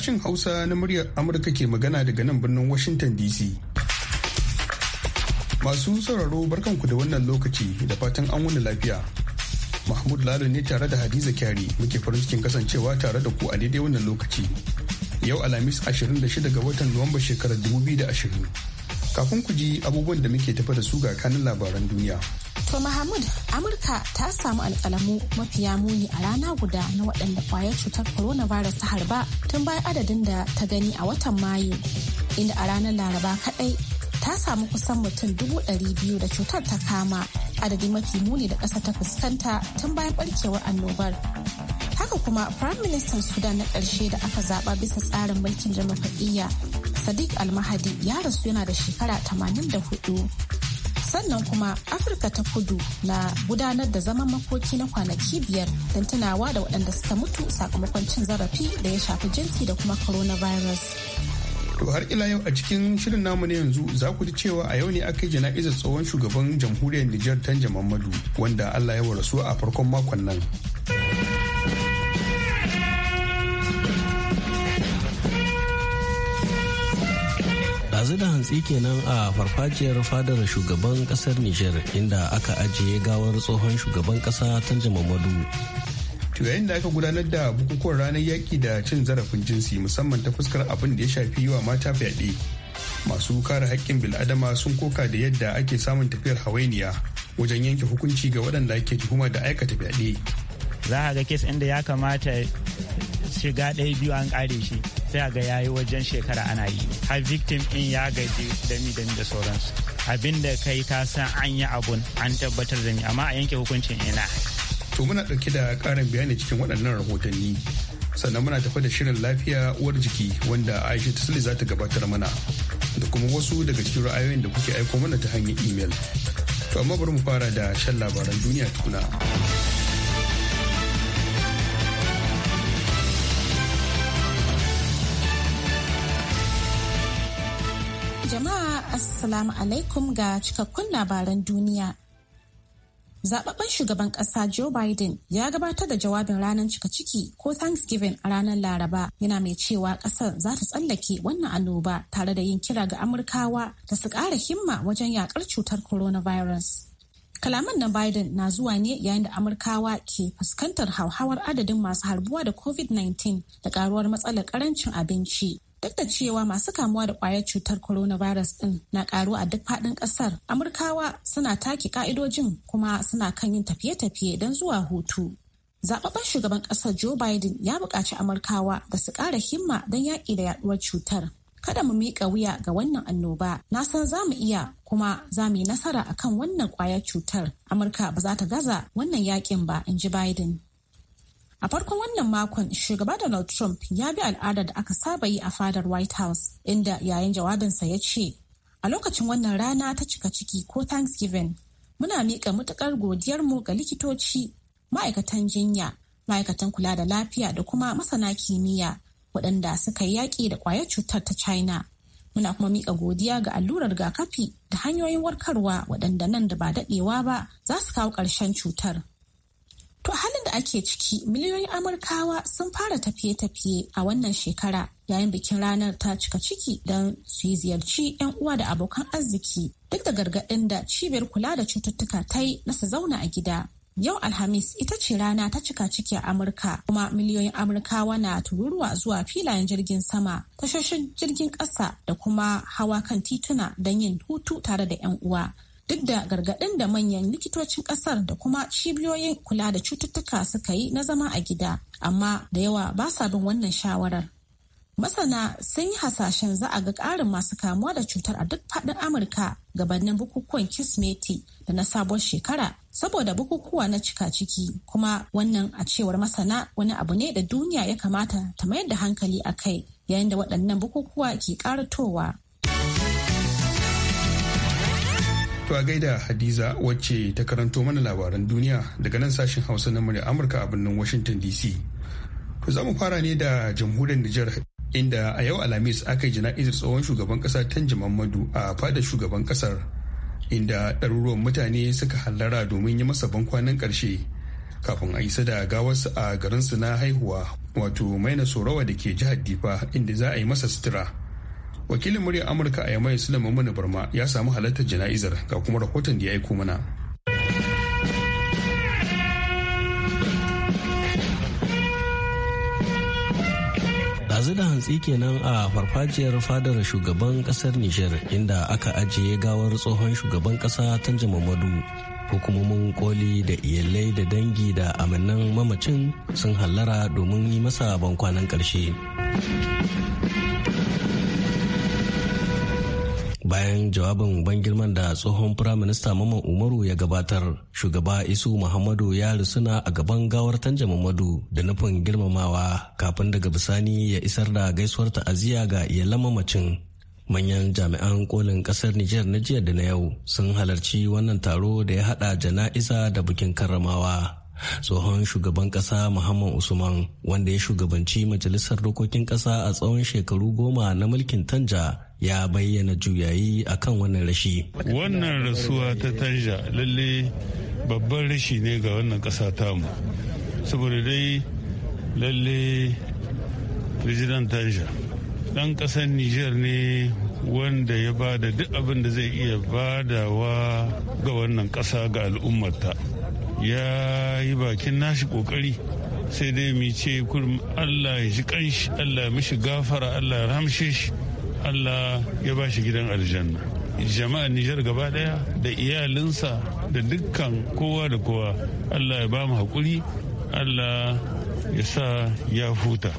sashen Hausa na muryar Amurka ke magana daga nan birnin Washington DC. Masu sauraro barkanku da wannan lokaci da fatan an wani lafiya. Mahmud Lalo ne tare da Hadiza Kyari muke farin cikin kasancewa tare da ku a daidai wannan lokaci. Yau Alhamis 26 ga watan Nuwamba shekarar 2020. Kafin ku ji abubuwan da muke tafa da su ga kanin labaran duniya. To Mahmud, Amurka ta samu alƙalamu mafiya muni a rana guda na waɗanda ƙwayar cutar coronavirus ta harba tun bayan adadin da ta gani a watan Mayu, inda a ranar Laraba kaɗai ta samu kusan mutum dubu ɗari biyu da cutar ta kama adadi mafi muni da ƙasa ta fuskanta tun bayan ɓarkewar annobar. Haka kuma Firayim Ministan Sudan na ƙarshe da aka zaɓa bisa tsarin mulkin jama'a Sadiq Almahadi ya rasu yana da shekara tamanin da hudu. sannan kuma afirka ta kudu na gudanar da zaman makoki na kwanaki biyar don tunawa da waɗanda suka mutu sakamakon cin zarafi da ya shafi jinsi da kuma coronavirus to har ila yau a cikin shirin namu na yanzu za ku ji cewa a yau ne aka yi jana'izar tsohon shugaban jamhuriyar nijar tanja mamadu wanda allah ya warasu a farkon makon nan yanzu da hantsi kenan a farfajiyar fadar shugaban kasar Nijar inda aka ajiye gawar tsohon shugaban kasa Tanja Mamadu. To yayin da aka gudanar da bukukuwan ranar yaƙi da cin zarafin jinsi musamman ta fuskar abin da ya shafi wa mata fyaɗe. Masu kare haƙƙin bil'adama sun koka da yadda ake samun tafiyar hawainiya wajen yanke hukunci ga waɗanda ake tuhuma da aikata fyaɗe. Za a ga kes inda ya kamata shiga ɗaya biyu an ƙare shi sai a ga yi wajen shekara ana yi har victim in ya gaji dami dami da sauransu abin da kai ka san an yi abun an tabbatar da ni amma a yanke hukuncin ina to muna ɗauke da ƙarin bayani cikin waɗannan rahotanni sannan muna tafa da shirin lafiya uwar jiki wanda aisha ta za ta gabatar mana da kuma wasu daga cikin ra'ayoyin da kuke aiko mana ta hanyar imel to amma bari mu fara da shan labaran duniya tukuna. Assalamu alaikum ga cikakkun labaran duniya. Zababben shugaban ƙasa Joe Biden ya gabatar da jawabin ranar cika ciki ko Thanksgiving a ranar Laraba yana mai cewa ƙasar za ta tsallake wannan annoba tare da yin kira ga Amurkawa da su ƙara himma wajen yakar cutar coronavirus. Kalaman na Biden na zuwa ne yayin da Amurkawa ke fuskantar hauhawar adadin masu harbuwa da COVID-19 da ƙaruwar matsalar ƙarancin abinci Duk da cewa masu kamuwa da kwayar cutar coronavirus din na karu a duk faɗin ƙasar, Amurkawa suna take ka'idojin kuma suna kan yin tafiye-tafiye don zuwa hutu. Zababben shugaban ƙasar Joe Biden ya buƙaci Amurkawa da su ƙara himma don yaƙi da yaɗuwar cutar. Kada mu miƙa wuya ga wannan annoba, na san za mu iya kuma za mu yi nasara a kan wannan ƙwayar cutar. Amurka ba za ta gaza wannan yaƙin ba, in ji Biden. A farkon wannan makon shugaba Donald Trump ya bi al'adar da aka saba yi a fadar White House inda yayin jawabinsa ya ce, A lokacin wannan rana ta cika ciki ko Thanksgiving, muna miƙa matuƙar godiyarmu ga likitoci, ma'aikatan jinya, ma'aikatan kula da lafiya da kuma masana kimiyya waɗanda suka yi yaƙi da ƙwayar cutar ta China. Muna kuma miƙa godiya ga allurar rigakafi da hanyoyin warkarwa waɗanda nan da ba daɗewa ba za su kawo ƙarshen cutar. To halin da ake ciki miliyoyin Amurkawa sun fara tafiye-tafiye a wannan shekara yayin bikin ranar ta cika ciki don su yi ziyarci 'yan uwa da abokan arziki duk da gargaɗin da cibiyar kula da cututtuka ta yi na zauna a gida. Yau Alhamis ita ce rana ta cika ciki a Amurka kuma miliyoyin Amurkawa na tururuwa zuwa filayen jirgin sama, tashoshin jirgin ƙasa da kuma hawa kan tituna don yin hutu tare da 'yan uwa. duk da gargaɗin da manyan likitocin ƙasar da kuma cibiyoyin kula da cututtuka suka yi na zama a gida amma da yawa ba sa bin wannan shawarar masana sun yi hasashen za a ga ƙarin masu kamuwa da cutar a duk faɗin amurka gabanin bukukuwan kismeti da na sabuwar shekara saboda bukukuwa na cika ciki kuma wannan a cewar masana wani abu ne da duniya ya kamata ta mayar da hankali a kai yayin da waɗannan bukukuwa ke ƙaratowa To a gaida Hadiza wacce ta karanto mana labaran duniya daga nan sashen Hausa na murya Amurka a birnin Washington DC. To za mu fara ne da jamhuriyar Nijar inda a yau Alhamis aka yi jana'izar tsohon shugaban kasa Tanji Muhammadu a fadar shugaban kasar inda ɗaruruwan mutane suka hallara domin yi masa ban kwanan ƙarshe kafin a isa da gawarsa a garinsu na haihuwa wato maina sorawa da ke jihar Difa inda za a yi masa sutura. wakilin muryar amurka a yamai sulaiman mana barma ya samu halartar jana'izar ga kuma rahoton da ya aiko mana yanzu da hantsi kenan a farfajiyar fadar shugaban kasar Nijar inda aka ajiye gawar tsohon shugaban kasa Tanja Mamadu. Hukumomin koli da iyalai da dangi da aminan mamacin sun hallara domin yi masa bankwanan karshe. bayan jawabin ban girman da tsohon firaminista maman umaru ya gabatar shugaba isu muhammadu ya rusuna a gaban gawar tanja muhammadu da nufin girmamawa kafin daga bisani ya isar da gaisuwar ta'aziyya ga iyalan mamacin manyan jami'an kolin kasar niger na jiya da na yau sun halarci wannan taro da ya hada jana'iza da bikin karramawa tsohon shugaban kasa muhammad usman wanda ya shugabanci majalisar dokokin kasa a tsawon shekaru goma na mulkin tanja ya bayyana juyayi a kan wannan rashi wannan rasuwa ta tanja lalle babban rashi ne ga wannan ƙasa tamu saboda dai lalle president tanja ɗan ƙasar Nijar ne wanda ya ba da duk abin da zai iya badawa ga wannan ƙasa ga al'ummarta ya yi bakin nashi ƙoƙari sai dai mu ce kurum allah ya shi kanshi allah ya mishi gafara allah ya ramshe shi allah ya ba shi gidan aljanna jama'a nijar gaba daya da iyalinsa da dukkan kowa da kowa allah ya ba mu haƙuri allah ya sa ya huta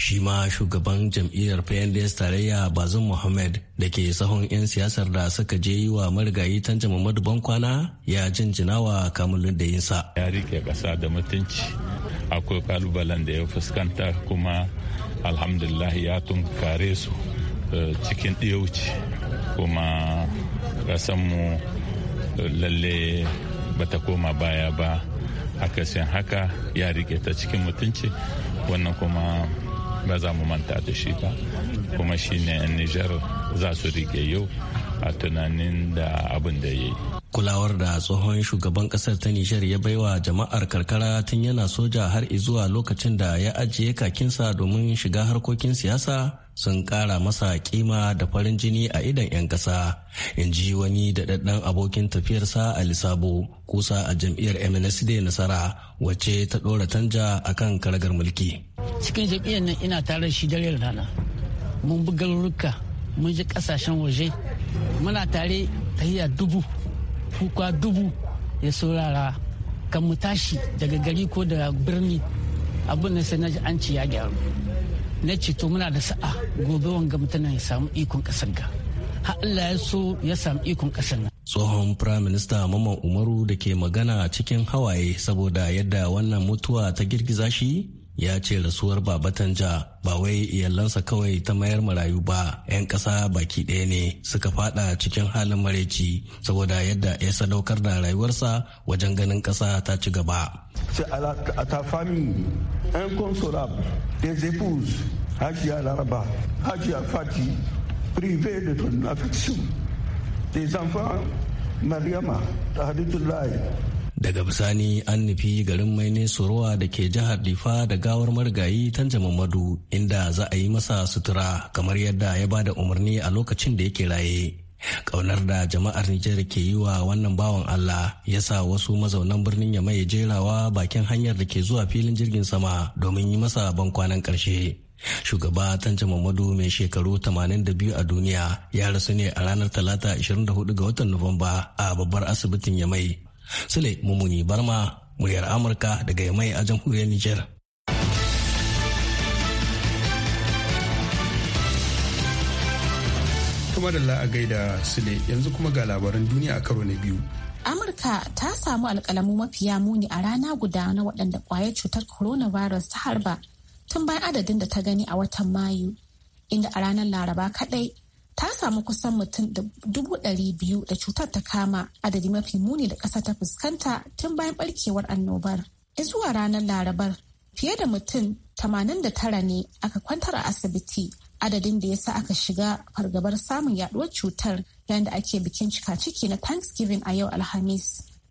shi ma shugaban jam'iyyar pnds tarayya bazin muhammad da ke sahun 'yan siyasar da suka je yi wa marigayi tanja muhammadu kwana ya jinjina wa kamulin da yinsa ya rike kasa da mutunci akwai kalubalen da ya fuskanta kuma alhamdulillah ya tunkare su cikin wuce kuma mu lalle bata koma baya ba akasin haka ya rike ta cikin mutunci wannan kuma ba za mu manta da shi ba kuma shine yan nijar za su rike yau a tunanin da abin da ya yi kulawar da tsohon shugaban kasar ta nijar ya baiwa jama'ar karkara tun yana soja har zuwa lokacin da ya ajiye kakinsa domin shiga harkokin siyasa sun kara masa kima da farin jini a idan 'yan ƙasa in ji wani daɗaɗɗen abokin tafiyarsa a lissabo kusa a jam'iyyar mnsd nasara wacce ta ɗora tanja a kan karagar mulki cikin jam'iyyar nan ina tare shi dare rana mun bi garuruka mun ji ƙasashen waje muna tare tahiya dubu kuka dubu ya saurara kan mu tashi daga gari ko daga birni abin da sai na ji an ci ya gyaru na ce to muna da sa'a gobe wanga mutanen ya samu ikon kasar ga har Allah ya so ya samu ikon kasar nan tsohon firaminista mamman umaru da ke magana cikin hawaye saboda yadda wannan mutuwa ta girgiza shi ya ce rasuwar babatanja ba wai iyalansa kawai ta mayar marayu ba 'yan ƙasa baki ɗaya ne suka fada cikin halin maraici saboda yadda ya sadaukar da rayuwarsa wajen ganin ƙasa ta ci gaba. Hajiya de enfants, Mariama, Tahaditullahi, daga bisani an nufi garin maine tsorowa da ke jihar difa da gawar marigayi tanja mamadu inda za a yi masa sutura kamar yadda ya ba da umarni a lokacin da yake raye ƙaunar da jama'ar nijar ke yi wa wannan bawan allah ya sa wasu mazaunan birnin ya mai jerawa bakin hanyar da ke zuwa filin jirgin sama domin yi masa ban kwanan ƙarshe shugaba tanja mamadu mai shekaru 82 a duniya ya rasu ne a ranar talata 24 ga watan nuwamba a babbar asibitin ya mai. Sule Mumuni Barma, muryar Amurka daga Yamai a jamhuriyar Nijar. Kuma da la'a gaida Sule yanzu kuma ga labaran duniya a karo na biyu. Amurka ta samu alkalamu mafiya muni a rana guda na waɗanda ƙwayar cutar coronavirus ta harba tun bayan adadin da ta gani a watan Mayu, inda a ranar Laraba kaɗai ta samu kusan mutum da dubu ɗari biyu da cutar ta kama adadi mafi muni da ƙasa ta fuskanta tun bayan ɓarkewar annobar. zuwa ranar larabar fiye da mutum tamanin da tara ne aka kwantar a asibiti adadin da ya sa aka shiga fargabar samun yaduwar cutar yayin da ake bikin cika ciki na thanksgiving a yau alhamis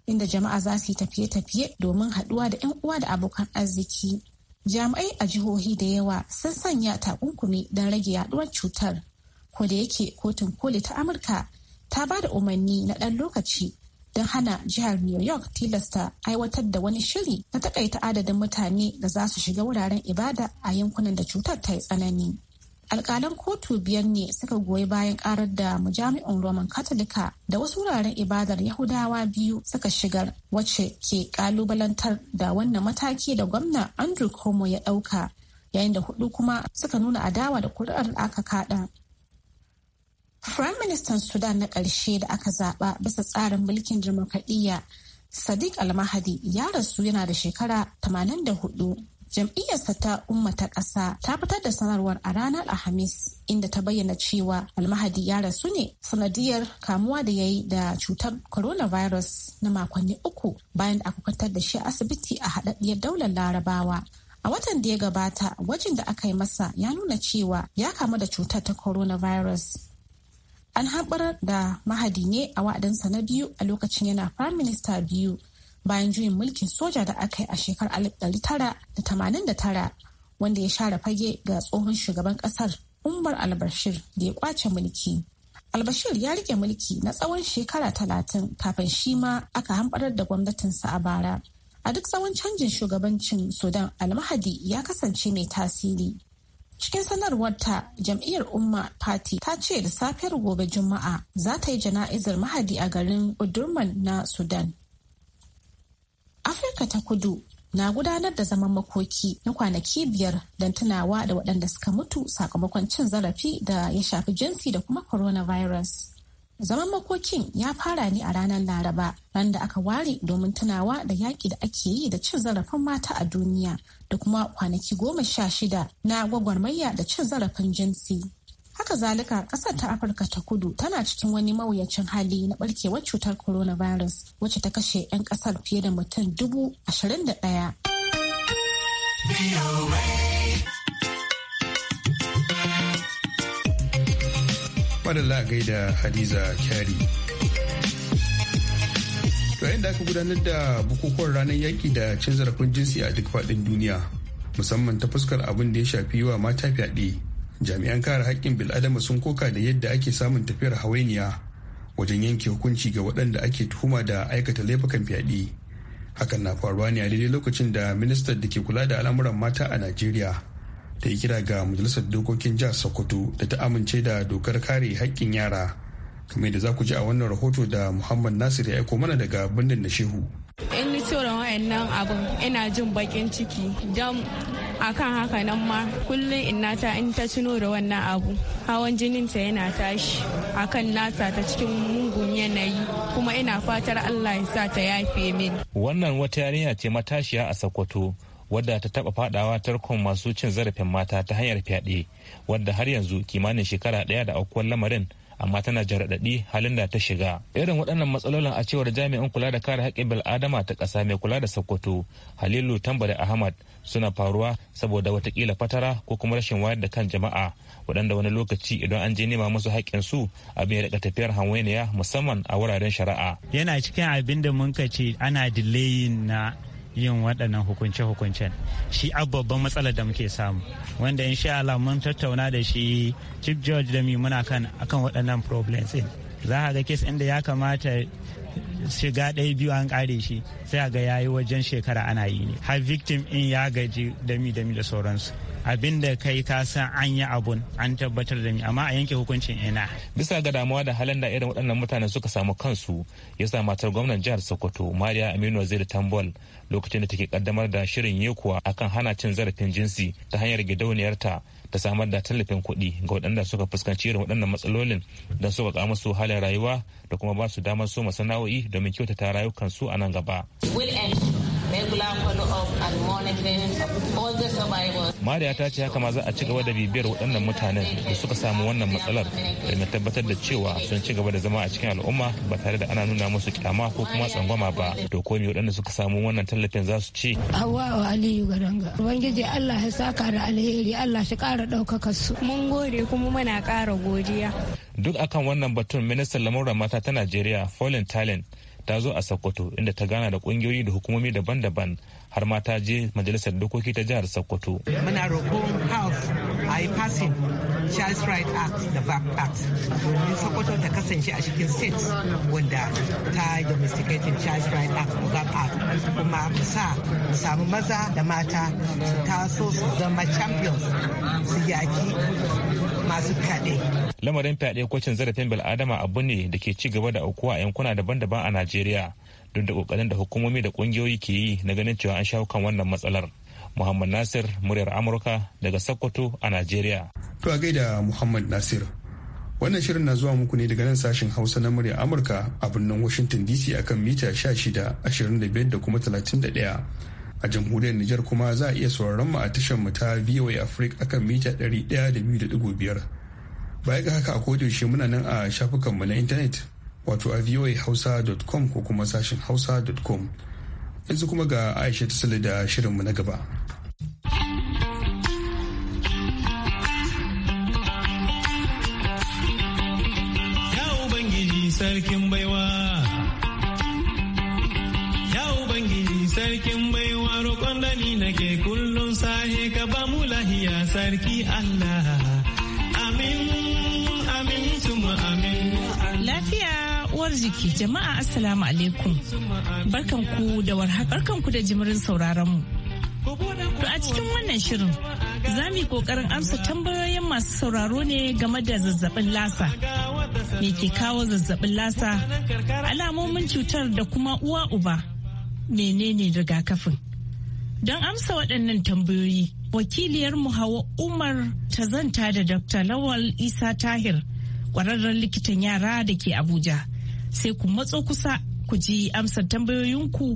inda jama'a za su yi tafiye-tafiye domin haduwa da 'yan uwa da abokan arziki jami'ai a jihohi da yawa sun sanya takunkumi don rage yaduwar cutar ko da yake kotun koli ta amurka ta ba da umarni na ɗan lokaci don hana jihar new york tilasta aiwatar da wani shiri na takaita adadin mutane da za su shiga wuraren ibada a yankunan da cutar ta yi tsanani alkalan kotu biyar ne suka goyi bayan karar da mujami'un roman katolika da wasu wuraren ibadar yahudawa biyu suka shigar wacce ke kalubalantar da wannan mataki da gwamna andrew cuomo ya ɗauka yayin da hudu kuma suka nuna adawa da kuri'ar aka kada Firaministan Sudan na ƙarshe da aka zaɓa bisa tsarin mulkin jamhuriya Sadiq Almahadi ya rasu yana da shekara 84. Jam'iyyarsa ta umma ta ƙasa ta fitar da sanarwar a ranar Alhamis inda ta bayyana cewa Almahadi ya rasu ne sanadiyar kamuwa da ya yi da cutar coronavirus na makonni uku bayan da aka kwantar da shi a asibiti a haɗaɗɗiyar daular larabawa. A watan da ya gabata, gwajin da aka yi masa ya nuna cewa ya kamu da cutar ta coronavirus an haɓar da mahadi ne a wa'adansa na biyu a lokacin yana prime minister biyu bayan juyin mulkin soja da aka yi a shekarar 1989 wanda ya share fage ga tsohon shugaban kasar umar albashir da ya kwace mulki albashir ya rike mulki na tsawon shekara talatin kafin shi ma aka hamɓarar da gwamnatinsa a bara a duk tsawon canjin shugabancin sudan almahadi ya kasance mai tasiri Cikin sanarwar ta jam'iyyar Umma Party ta ce da safiyar gobe Juma'a za ta yi jana'izar mahadi a garin Udurman na Sudan. Afirka ta kudu na gudanar da zaman makoki na kwanaki biyar don tunawa da waɗanda suka mutu sakamakon cin zarafi da ya shafi jinsi da kuma coronavirus. Zaman makokin ya fara ne a ranar Laraba, ran da aka ware domin tunawa da yaƙi da ake yi da cin zarafin mata a duniya da kuma kwanaki goma sha shida na gwagwarmaya da cin zarafin jinsi. Haka zalika ƙasar ta Afirka ta kudu tana cikin wani mawuyacin hali na ɓarkewar cutar coronavirus wacce ta kashe 'yan ƙasar fiye da mutum dubu ashirin da ɗaya. Madalla da Hadiza Kyari. Yayin da aka gudanar da bukukuwan ranar yaƙi da cin zarafin jinsi a duk faɗin duniya, musamman ta fuskar abin da ya shafi wa mata fyaɗe, jami'an kare haƙƙin bil'adama sun koka da yadda ake samun tafiyar hawainiya wajen yanke hukunci ga waɗanda ake tuhuma da aikata laifukan fyaɗe. Hakan na faruwa ne a daidai lokacin da ministan da ke kula da al'amuran mata a Najeriya, da ya kira ga majalisar dokokin jihar sokoto da ta amince da dokar kare haƙƙin yara kamar da za ku ji a wannan rahoto da muhammad nasir ya aiko mana daga birnin da shehu in ni tsoron wayannan abin ina jin bakin ciki don akan haka nan ma kullum in nata in ta tuno da wannan abu hawan jininta yana tashi akan nasa ta cikin mugun yanayi kuma ina fatar allah ya sa ta yafe min wannan wata yarinya ce matashiya a sokoto wadda ta taba fadawa tarkon masu cin zarafin mata ta hanyar fyaɗe wadda har yanzu kimanin shekara ɗaya da aukuwar lamarin amma tana jaraɗaɗi halin da ta shiga irin waɗannan matsalolin a cewar jami'in kula da kare haƙƙin bil'adama ta ƙasa mai kula da sokoto halilu tambari ahmad suna faruwa saboda watakila fatara ko kuma rashin wayar da kan jama'a waɗanda wani lokaci idan an je nema musu haƙƙin su abin ya daga tafiyar hanwainiya musamman a wuraren shari'a yana cikin abin da mun ce ana delaying na yin waɗannan hukunce-hukuncen shi babban matsalar da muke samu wanda in sha'ala mun tattauna da shi chief george da muna kan akan waɗannan problems din za a ga kes inda ya kamata shiga ɗaya biyu an ƙare shi sai a ga yayi wajen shekara ana yi ne har victim in ya gaji dami dami da sauransu abin da kai ka san an yi abun an tabbatar da ni amma a yanke hukuncin ina bisa ga damuwa da halin da irin waɗannan mutane suka samu kansu ya sa matar gwamnan jihar sokoto mariya aminu waziri tambol lokacin da take kaddamar da shirin yekuwa akan hana cin zarafin jinsi ta hanyar gidauniyarta ta samar da tallafin kuɗi ga waɗanda suka fuskanci irin waɗannan matsalolin don su ga musu halin rayuwa da kuma ba su damar su masana'o'i domin kyautata rayukansu a nan gaba. mariya ta ce haka ma za a ci gaba da bibiyar waɗannan mutanen da suka samu wannan matsalar da na tabbatar da cewa sun ci gaba da zama a cikin al'umma ba tare da ana nuna musu kyama ko kuma tsangwama ba to ko me waɗanda suka samu wannan tallafin za su ci hawa aliyu garanga ubangiji allah ya saka da alheri allah shi ƙara ɗaukaka su mun gode kuma muna kara godiya duk akan wannan batun ministan lamuran mata ta najeriya folin talent ta zo a sokoto inda ta gana da kungiyoyi da hukumomi daban-daban har ma ta je majalisar dokoki ta jihar sokoto muna roƙon house a yi passing Child's Right Act da VAC Act domin Sokoto ta kasance a cikin state wanda ta yi domesticating Child's Right Act da VAC Act kuma mu sa mu samu maza da mata su taso su zama champions su yaki masu fyaɗe. Lamarin fyaɗe ko cin zarafin bil'adama abu ne da ke ci gaba da aukuwa a yankuna daban-daban a Najeriya duk da kokarin da hukumomi da ƙungiyoyi ke yi na ganin cewa an shawo kan wannan matsalar. Muhammad Nasir muryar Amurka daga Sokoto a Najeriya. To a gaida Muhammad Nasir. Wannan shirin na zuwa muku ne daga nan sashen Hausa na muryar Amurka a birnin Washington DC akan mita 16, 25 da kuma 31. a jamhuriyar Nijar kuma za a iya sauraron mu a tashar mu ta VOA Africa akan mita 102.5 baya ga haka a yaushe muna nan a shafukan mu na intanet wato a voahausa.com ko kuma sashin hausa.com yanzu kuma ga Aisha ta da shirin mu na gaba Ya sarkin baiwa Ya Ubangiji sarkin sarki Allah. Amin, amin, amin. Lafiya uwar jiki jama'a Assalamu alaikum. Barkanku da warhaka. ku da jimirin sauraronmu. To a cikin wannan shirin za mu yi kokarin amsa tambayoyin masu sauraro ne game da zazzabin lasa. Me ke kawo zazzabin lasa? Alamomin cutar da kuma uwa uba. Menene rigakafin? Don amsa waɗannan tambayoyi wakiliyar mu hawa umar ta zanta da dr lawal isa tahir kwararren likitan yara da ke abuja sai ku matso kusa ku ji amsar tambayoyinku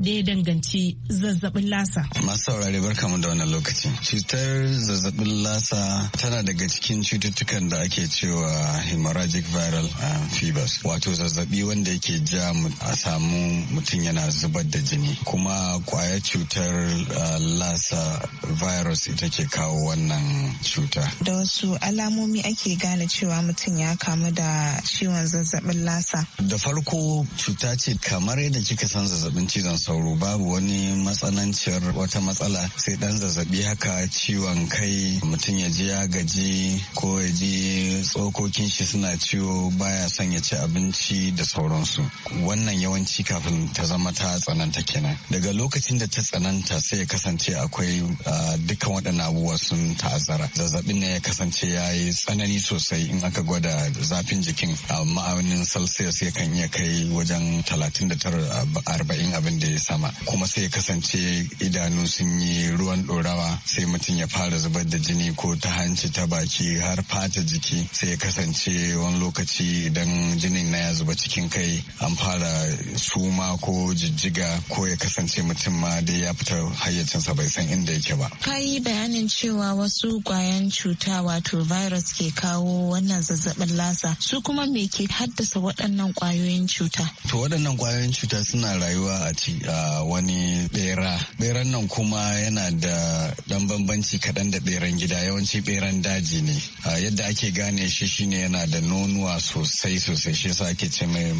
da ya danganci zazzabin lasa. Masu saurare barkamu da wannan lokaci. Cutar zazzabin lasa tana daga cikin cututtukan da ake cewa hemorrhagic viral eh, fevers wato zazzabi wanda yake ja a samu mutum yana zubar da jini kuma kwaya cutar eh, lasa virus ita ke kawo wannan cuta. Da wasu alamomi ake gane cewa mutum ya kamu da ciwon zazzabin lasa. Da farko cuta ce kamar yadda kika san zazzabin cizon sauro babu wani matsananciyar wata matsala sai dan zazzabi haka ciwon kai mutum ya ji ya gaji ko ya ji tsokokin shi suna ciwo baya son ya ci abinci da sauransu wannan yawanci kafin ta zama ta tsananta kenan daga lokacin da ta tsananta sai ya kasance akwai dukkan waɗannan abubuwa sun ta'azzara zazzabin ne ya kasance ya yi tsanani sosai in aka gwada zafin jikin a ma'aunin celsius kan iya kai wajen 39 arba'in abin da ya sama kuma sai ya kasance idanu sun yi ruwan ɗorawa sai mutum ya fara zubar da jini ko ta hanci ta baki har fata jiki sai ya kasance wani lokaci idan jinin na ya zuba cikin kai an fara suma ko jijjiga ko ya kasance mutum ma dai ya fita hayyacinsa bai san inda yake ba. Ka yi bayanin cewa wasu kwayan cuta wato virus ke kawo wannan zazzabin lasa su kuma me ke haddasa waɗannan kwayoyin cuta? To waɗannan kwayoyin cuta suna rayuwa a da wani bera beran nan kuma yana da dan bambanci kaɗan da beran gida yawanci beran daji ne yadda ake gane shi shine yana da nonuwa sosai sosai shi yasa ake ce mai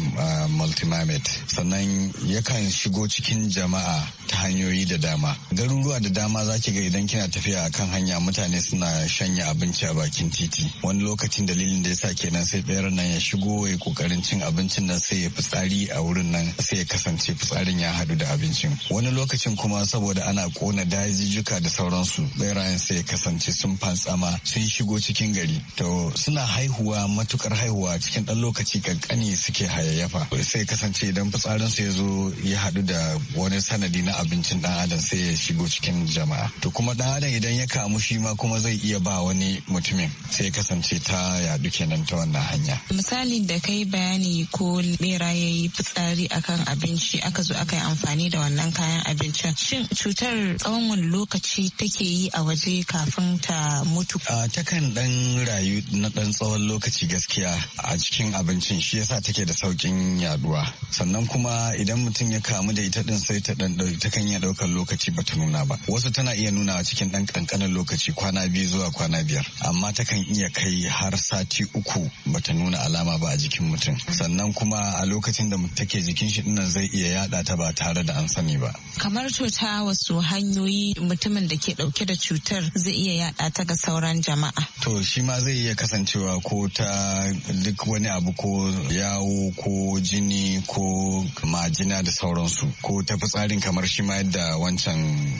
multimamet sannan yakan shigo cikin jama'a ta hanyoyi da dama garuruwa da dama za ki ga idan kina tafiya kan hanya mutane suna shanya abinci a bakin titi wani lokacin dalilin da yasa kenan sai beran nan ya shigo ya kokarin cin abincin nan sai ya fitsari a wurin nan sai ya kasance fitsarin ya hadu. da abincin wani lokacin kuma saboda ana kona dajijjuka da sauransu berayen sai ya kasance sun fantsama sun shigo cikin gari to suna haihuwa matukar haihuwa cikin dan lokaci kankani suke hayayyafa sai kasance idan fitsarin su ya zo ya hadu da wani sanadi na abincin dan adam sai ya shigo cikin jama'a to kuma dan adam idan ya kamu shi ma kuma zai iya ba wani mutumin sai ya kasance ta yadu kenan ta wannan hanya misali da kai bayani ko bera yayi fitsari akan abinci aka zo aka yi amfani amfani da wannan kayan abincin shin cutar tsawon wani lokaci take yi a waje kafin ta mutu Ta kan dan rayu na dan tsawon lokaci gaskiya a cikin abincin shi yasa take da saukin yaduwa sannan kuma idan mutum ya kamu da ita din sai ta dan takan iya daukar lokaci bata nuna ba wasu tana iya nuna cikin dan kankanin lokaci kwana biyu zuwa kwana biyar amma ta kan iya kai har sati uku bata nuna alama ba a jikin mutum sannan kuma a lokacin da take jikin shi dinnan zai iya yada ta ba ta tare da an sani ba. Kamar cuta wasu hanyoyi mutumin da ke dauke da cutar zai iya yada ta ga sauran jama'a. To shi ma zai iya kasancewa ko ta duk wani abu ko yawo ko jini ko majina da sauransu ko ta fitsarin kamar shi ma yadda wancan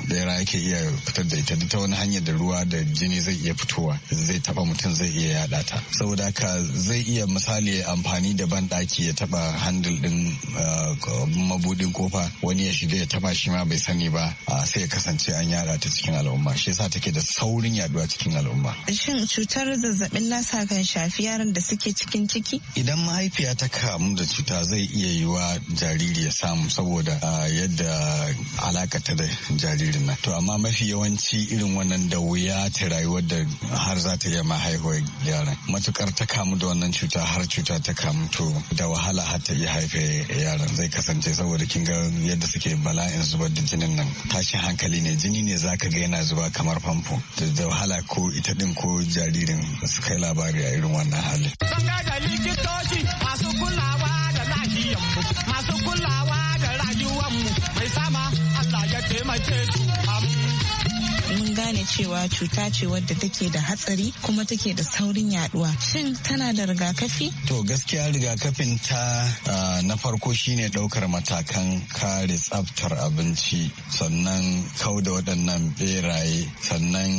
bera yake iya fitar da ita ta wani hanyar da ruwa da jini zai iya fitowa zai taba mutum zai iya yada ta. Saboda haka zai iya misali amfani da ban ya taba handle din eh, mabudin kofa wani ya shiga ya taba shi ma bai sani ba sai ya kasance an yara ta cikin al'umma shi yasa take da saurin yaduwa cikin al'umma shin cutar zazzabin lasa kan shafi yaran da suke cikin ciki idan mahaifiya ta kamu da cuta zai iya yiwa jariri ya samu saboda yadda ta da jaririn nan to amma mafi yawanci irin wannan da wuya ta rayuwar da har za ta iya mahaihuwar yaran matukar ta kamu da wannan cuta har cuta ta kamu to da wahala har ta iya haife yaran zai kasance saboda kin ga yadda suke bala'in zubar da jinin nan Tashi hankali ne jini ne zaka ga yana zuba kamar famfo da wahala ko ita din ko jaririn su kai labari a irin wannan hali. masu kulawa da rayuwanmu mai sama Allah ya taimake su. gane cewa cuta ce wadda take da hatsari kuma take da saurin yaduwa shin tana da rigakafi to gaskiya rigakafin ta na farko shine daukar matakan kare tsaftar abinci sannan kau da waɗannan beraye sannan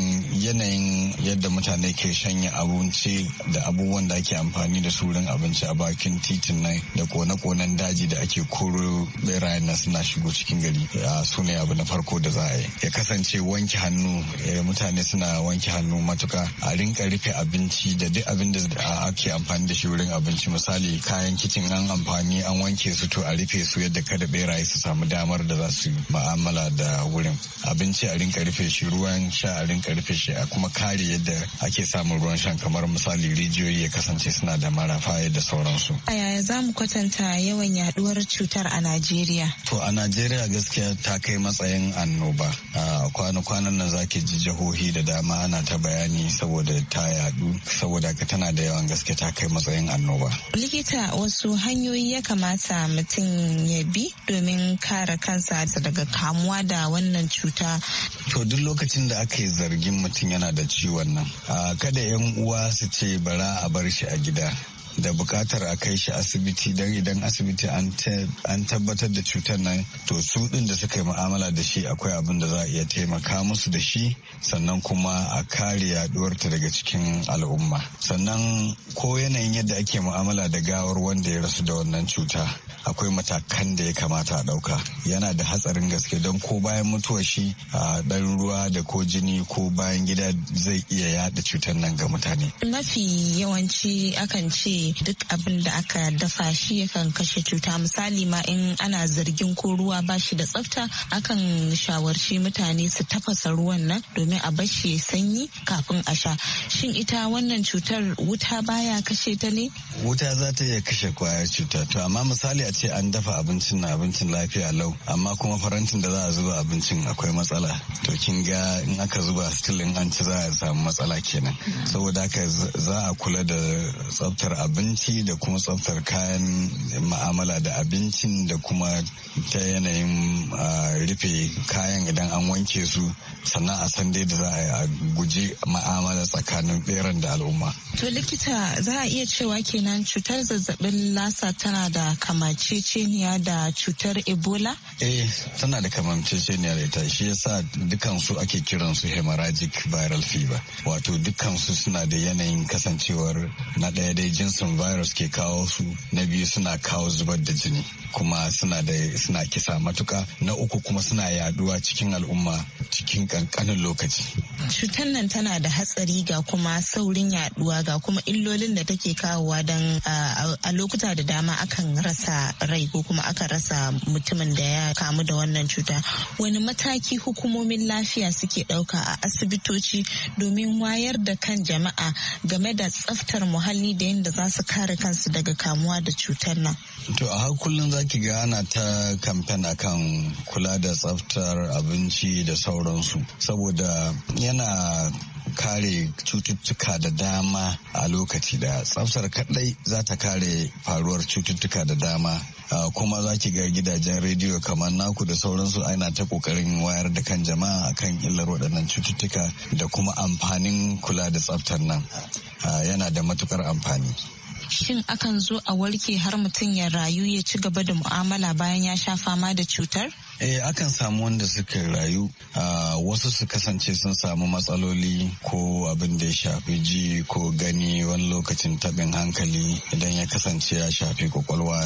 yanayin yadda mutane ke shanya abinci da abubuwan da ake amfani da su abinci a bakin titin nan da kone-konen daji da ake koro berayen na suna shigo cikin gari su ne abu na farko da za a yi ya kasance wanke hannu Eh, mutane suna wanke hannu matuka a rinka rufe abinci da duk abin da ake amfani da shi wurin abinci misali kayan kicin an amfani an wanke su to a rufe su yadda kada beraye su samu damar da za su ma'amala da wurin abinci a rinka rufe shi ruwan sha a rinka rufe shi a kuma kare yadda ake samun ruwan shan kamar misali rijiyoyi ya kasance suna da marafa da sauransu. A yaya za mu kwatanta yawan yaduwar cutar a Najeriya? To a Najeriya gaskiya ta kai matsayin annoba. A kwana-kwanan nan zaki ki ji jihohi da dama ana ta bayani saboda ta yadu saboda ka tana da yawan gaske ta kai matsayin annoba. Likita wasu hanyoyi ya kamata mutum ya bi domin kare kansa daga kamuwa da wannan cuta. To duk lokacin da aka yi zargin mutum yana da ciwon nan, kada 'yan uwa su ce bara a bar shi a gida. da bukatar a kai shi asibiti don idan asibiti an tabbatar da cutar nan to su din da suka yi mu'amala da shi akwai abin da za a iya taimaka musu da shi sannan kuma a kare ta daga cikin al'umma sannan ko yanayin yadda ake mu'amala da gawar wanda ya rasu da wannan cuta akwai matakan da ya kamata a dauka yana da hatsarin gaske don ko bayan mutuwar shi a dan ruwa da ko jini ko bayan gida zai iya yada cutar nan ga mutane mafi yawanci akan ce duk abin da aka dafa shi yakan kashe cuta misali ma in ana zargin ko ruwa ba shi da tsafta akan shawarci mutane su tafasa ruwan nan domin a bashi sanyi kafin a sha shin ita wannan cutar wuta baya kashe ta ne wuta za ta iya kashe kwayar cuta to amma misali a ce an dafa abincin na abincin lafiya lau amma kuma farantin da za a zuba abincin akwai matsala to kin ga in aka zuba still in an ci za a samu matsala kenan saboda haka za a kula da tsaftar abinci da kuma tsaftar kayan ma'amala da abincin da kuma ta yanayin rufe kayan idan an wanke su sannan a san dai da za a guji ma'amala tsakanin beran da al'umma. To likita za a iya cewa kenan cutar zazzabin lasa tana da kamaceceniya da cutar ebola? Eh tana da kamaceceniya da ita shi yasa dukansu ake kiran su hemorrhagic viral fever wato dukansu suna da yanayin kasancewar na ɗaya dai jin system virus ke kawo su na biyu suna kawo zubar da jini kuma suna da suna kisa matuka na uku kuma suna yaduwa cikin al'umma cikin kankanin lokaci cutar nan tana da hatsari ga kuma saurin yaduwa ga kuma illolin da take kawowa dan a lokuta da dama akan rasa rai ko kuma aka rasa mutumin da ya kamu da wannan cuta wani mataki hukumomin lafiya suke dauka a asibitoci domin wayar da kan jama'a game da tsaftar muhalli da yadda za su kare kansu daga kamuwa da cutar nan. To a har kullum za ki ga ta kamfen akan kula da tsaftar abinci da sauransu saboda yana kare cututtuka da dama a lokaci da tsaftar kadai za ta kare faruwar cututtuka da dama kuma za ki ga gidajen rediyo kamar naku da sauransu ana ta kokarin wayar da kan jama'a kan illar waɗannan cututtuka da kuma amfanin kula da tsaftar nan yana da matukar amfani. shin akan zo a warke har mutum ya rayu ya ci gaba da mu'amala bayan ya sha fama da cutar? eh akan samu wanda suka rayu a wasu su kasance sun samu matsaloli ko abin da ya shafi ji ko gani wani lokacin tabin hankali idan ya kasance ya shafi kwakwalwa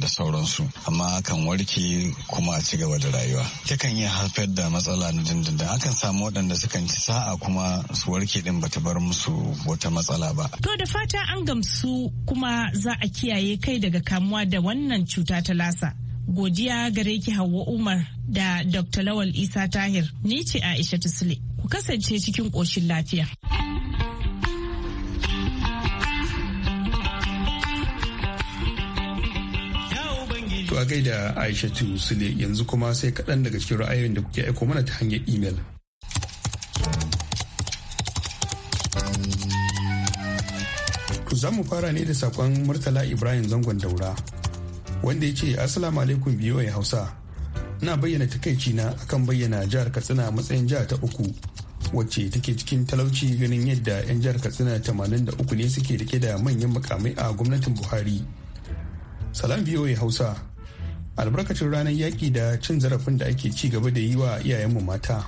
da sauransu amma akan warke kuma a ci gaba da rayuwa takan iya haifar da matsala na dindindin akan samu waɗanda sukan ci sa'a kuma su warke din bata bar musu wata matsala ba to da fata an gamsu kuma za a kiyaye kai daga kamuwa da wannan cuta ta lasa Godiya gare ki Hauwa Umar da Dr. Lawal Isa Tahir. Ni ce Aisha Tusle. Ku kasance cikin ƙoshin lafiya. To a gaida Aisha Tusle yanzu kuma sai kaɗan daga cikin ra'ayoyin da kuke aiko mana ta hanyar imel. za mu fara ne da sakon murtala ibrahim zangon daura wanda ya ce assalamu alaikum biyoyi hausa na bayyana takaici na akan bayyana jihar katsina matsayin jiha ta uku wacce take cikin talauci ganin yadda 'yan jihar katsina tamanin 83 ne suke rike da manyan mukamai a gwamnatin buhari salam biyoyi hausa albarkacin ranar yaƙi da cin zarafin da ake ci gaba da yi wa iyayenmu mata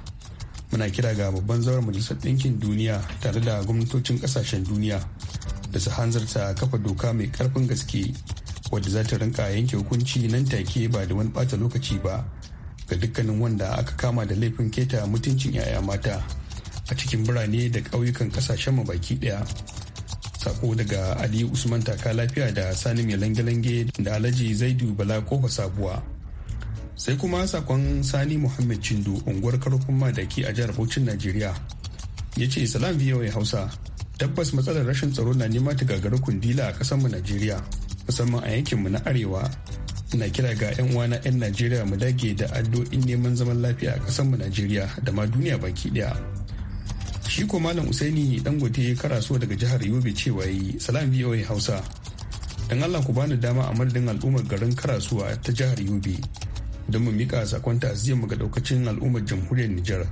muna kira ga babban zawar majalisar ɗinkin duniya tare da gwamnatocin ƙasashen duniya da su hanzarta kafa doka mai ƙarfin gaske wadda za ta rinka yanke hukunci nan take ba da wani bata lokaci ba ga dukkanin wanda aka kama da laifin keta mutuncin 'ya'ya mata a cikin birane da ƙauyukan ƙasashen mu baki ɗaya sako daga ali usman taka lafiya da sani mai lange da alhaji zaidu bala kofa sabuwa sai kuma sakon sani muhammad chindu unguwar karfin madaki a jihar bauchin najeriya ya ce salam voa hausa tabbas matsalar rashin tsaro na nema ta gagari kundila a ƙasarmu najeriya musamman a yankinmu na arewa na kira ga 'yan uwana 'yan najeriya mu dage da addu'o'in neman zaman lafiya a ƙasarmu najeriya da ma duniya baki ɗaya shi ko malam usaini dangote so daga jihar yobe cewa yi salam voa hausa dan allah ku bani dama a madadin al'ummar garin karasuwa ta jihar yobe don mu mika sakon ta'aziyyar mu ga daukacin al'ummar jamhuriyar nijar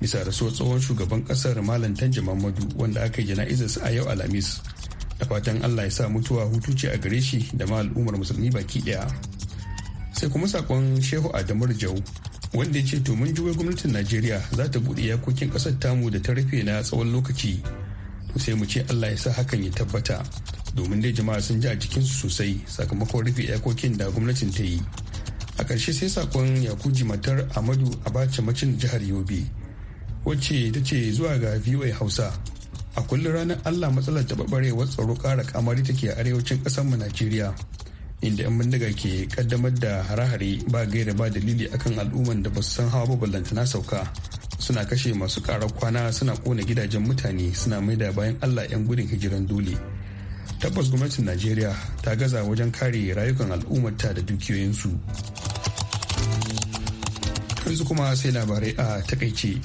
bisa rasuwar tsohon shugaban kasar malam tanji mamadu wanda aka jana'izar su a yau alhamis da fatan allah ya sa mutuwa hutu ce a gare shi da ma al'ummar musulmi baki daya sai kuma sakon shehu adamu jau wanda ya ce to mun juwe gwamnatin najeriya za ta buɗe yakokin ƙasar tamu da ta rufe na tsawon lokaci to sai mu ce allah ya sa hakan ya tabbata domin dai jama'a sun ji a jikinsu sosai sakamakon rufe iyakokin da gwamnatin ta yi a ƙarshe sai sakon yakuji matar amadu abacin macin jihar yobe wacce ta ce zuwa ga VOA Hausa. A kullum ranar Allah matsalar taɓaɓarewar tsaro ƙara kamari take a arewacin ƙasarmu Najeriya. Inda 'yan bindiga ke kaddamar da hare-hare ba gaira ba dalili akan al'umman da basu san hawa na sauka. Suna kashe masu ƙarar kwana suna ƙona gidajen mutane suna mai da bayan Allah 'yan gudun hijiran dole. Tabbas gwamnatin Najeriya ta gaza wajen kare rayukan al'ummarta da dukiyoyinsu. yanzu kuma sai labarai a takaice.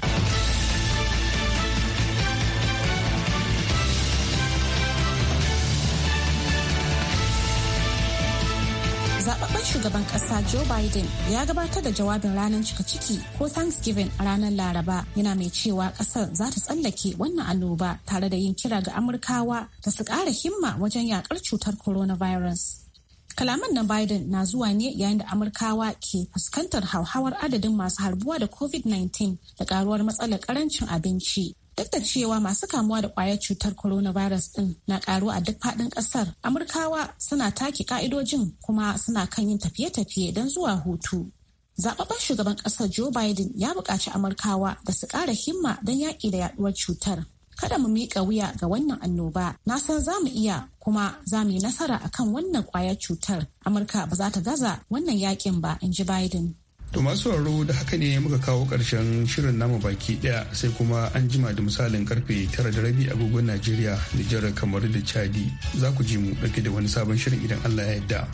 shugaban kasa Joe Biden ya gabatar da jawabin ranar cika ciki ko Thanksgiving a ranar Laraba yana mai cewa kasar za ta tsallake wannan annoba tare da yin kira ga Amurkawa da su ƙara himma wajen yakar cutar coronavirus. Kalaman na Biden na zuwa ne yayin da Amurkawa ke fuskantar hauhawar adadin masu harbuwa da COVID-19 da karuwar matsalar karancin abinci Duk da cewa masu kamuwa da kwayar cutar coronavirus din na karu a duk faɗin ƙasar, Amurkawa suna take ka'idojin kuma suna kan yin tafiye-tafiye don zuwa hutu. Zababban shugaban ƙasar Joe Biden ya buƙaci Amurkawa da su ƙara himma don yaƙi da yaɗuwar cutar. Kada mu miƙa wuya ga wannan annoba, na san za mu iya kuma za mu yi nasara akan wannan kwayar cutar. Amurka ba za ta gaza wannan yaƙin ba, in ji Biden. To masu sauraro da haka ne muka kawo ƙarshen shirin namu baki ɗaya sai kuma an jima da misalin karfe tara da rabi agogon Najeriya da jihar kamar da Chadi za ku ji mu ɗauke da wani sabon shirin idan Allah ya yarda.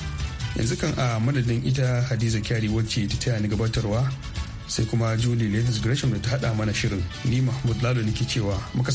Yanzu kan a madadin ita Hadiza Kyari wacce ta taya ni gabatarwa sai kuma Julie Ladies Gresham da ta haɗa mana shirin ni Mahmud Lalo nake cewa muka